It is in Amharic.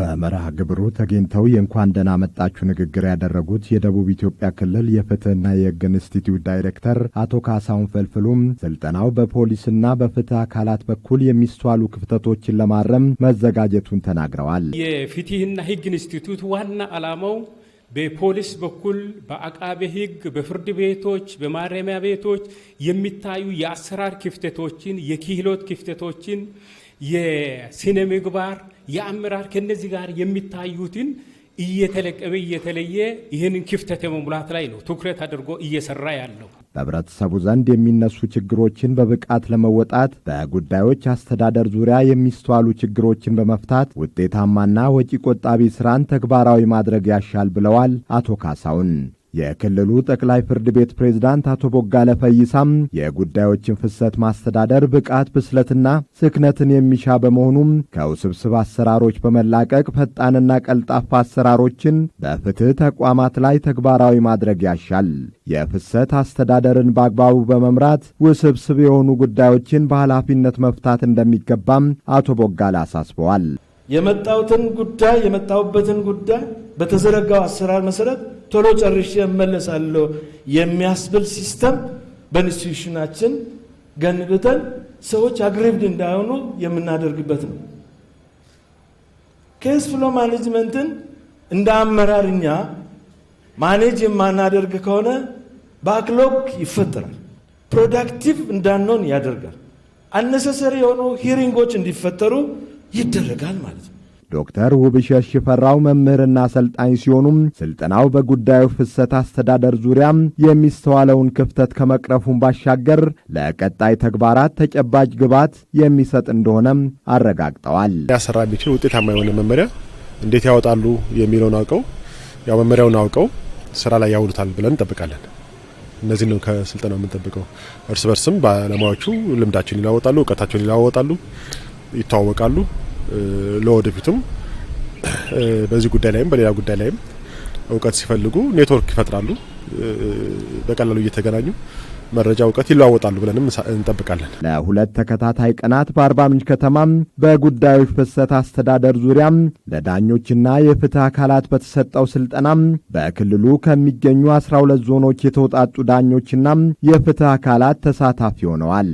በመርሃ ግብሩ ተገኝተው የእንኳን ደህና መጣችሁ ንግግር ያደረጉት የደቡብ ኢትዮጵያ ክልል የፍትህና የህግ ኢንስቲትዩት ዳይሬክተር አቶ ካሳሁን ፈልፍሉም ስልጠናው በፖሊስና በፍትህ አካላት በኩል የሚስተዋሉ ክፍተቶችን ለማረም መዘጋጀቱን ተናግረዋል። የፍትህና ህግ ኢንስቲትዩት ዋና ዓላማው በፖሊስ በኩል በአቃቤ ህግ፣ በፍርድ ቤቶች፣ በማረሚያ ቤቶች የሚታዩ የአሰራር ክፍተቶችን፣ የክህሎት ክፍተቶችን፣ የስነ ምግባር የአመራር ከነዚህ ጋር የሚታዩትን እየተለቀበ እየተለየ ይህንን ክፍተት የመሙላት ላይ ነው ትኩረት አድርጎ እየሰራ ያለው። በህብረተሰቡ ዘንድ የሚነሱ ችግሮችን በብቃት ለመወጣት በጉዳዮች አስተዳደር ዙሪያ የሚስተዋሉ ችግሮችን በመፍታት ውጤታማና ወጪ ቆጣቢ ስራን ተግባራዊ ማድረግ ያሻል ብለዋል አቶ ካሳውን። የክልሉ ጠቅላይ ፍርድ ቤት ፕሬዝዳንት አቶ ቦጋለ ፈይሳም የጉዳዮችን ፍሰት ማስተዳደር ብቃት፣ ብስለትና ስክነትን የሚሻ በመሆኑም ከውስብስብ አሰራሮች በመላቀቅ ፈጣንና ቀልጣፋ አሰራሮችን በፍትህ ተቋማት ላይ ተግባራዊ ማድረግ ያሻል። የፍሰት አስተዳደርን በአግባቡ በመምራት ውስብስብ የሆኑ ጉዳዮችን በኃላፊነት መፍታት እንደሚገባም አቶ ቦጋለ አሳስበዋል። የመጣሁትን ጉዳይ የመጣሁበትን ጉዳይ በተዘረጋው አሰራር መሰረት። ቶሎ ጨርሼ እመለሳለሁ የሚያስብል ሲስተም በኢንስቲትዩሽናችን ገንብተን ሰዎች አግሬቭድ እንዳይሆኑ የምናደርግበት ነው። ኬስ ፍሎ ማኔጅመንትን እንደ አመራርኛ ማኔጅ የማናደርግ ከሆነ ባክሎግ ይፈጠራል። ፕሮዳክቲቭ እንዳንሆን ያደርጋል። አነሰሰሪ የሆኑ ሂሪንጎች እንዲፈጠሩ ይደረጋል ማለት ነው። ዶክተር ውብሸት ሽፈራው መምህርና አሰልጣኝ ሲሆኑም ስልጠናው በጉዳዩ ፍሰት አስተዳደር ዙሪያ የሚስተዋለውን ክፍተት ከመቅረፉን ባሻገር ለቀጣይ ተግባራት ተጨባጭ ግብዓት የሚሰጥ እንደሆነም አረጋግጠዋል። ያሰራ የሚችል ውጤታማ የሆነ መመሪያ እንዴት ያወጣሉ የሚለውን አውቀው ያው መመሪያውን አውቀው ስራ ላይ ያውሉታል ብለን እንጠብቃለን። እነዚህ ነው ከስልጠናው የምንጠብቀው። እርስ በርስም ባለሙያዎቹ ልምዳቸውን ይለዋወጣሉ፣ እውቀታቸውን ይለዋወጣሉ፣ ይተዋወቃሉ። ለወደፊቱም በዚህ ጉዳይ ላይም በሌላ ጉዳይ ላይም እውቀት ሲፈልጉ ኔትወርክ ይፈጥራሉ። በቀላሉ እየተገናኙ መረጃ እውቀት ይለዋወጣሉ ብለንም እንጠብቃለን። ለሁለት ተከታታይ ቀናት በአርባ ምንጭ ከተማም በጉዳዮች ፍሰት አስተዳደር ዙሪያም ለዳኞችና የፍትህ አካላት በተሰጠው ስልጠናም በክልሉ ከሚገኙ አስራ ሁለት ዞኖች የተውጣጡ ዳኞችና የፍትህ አካላት ተሳታፊ ሆነዋል።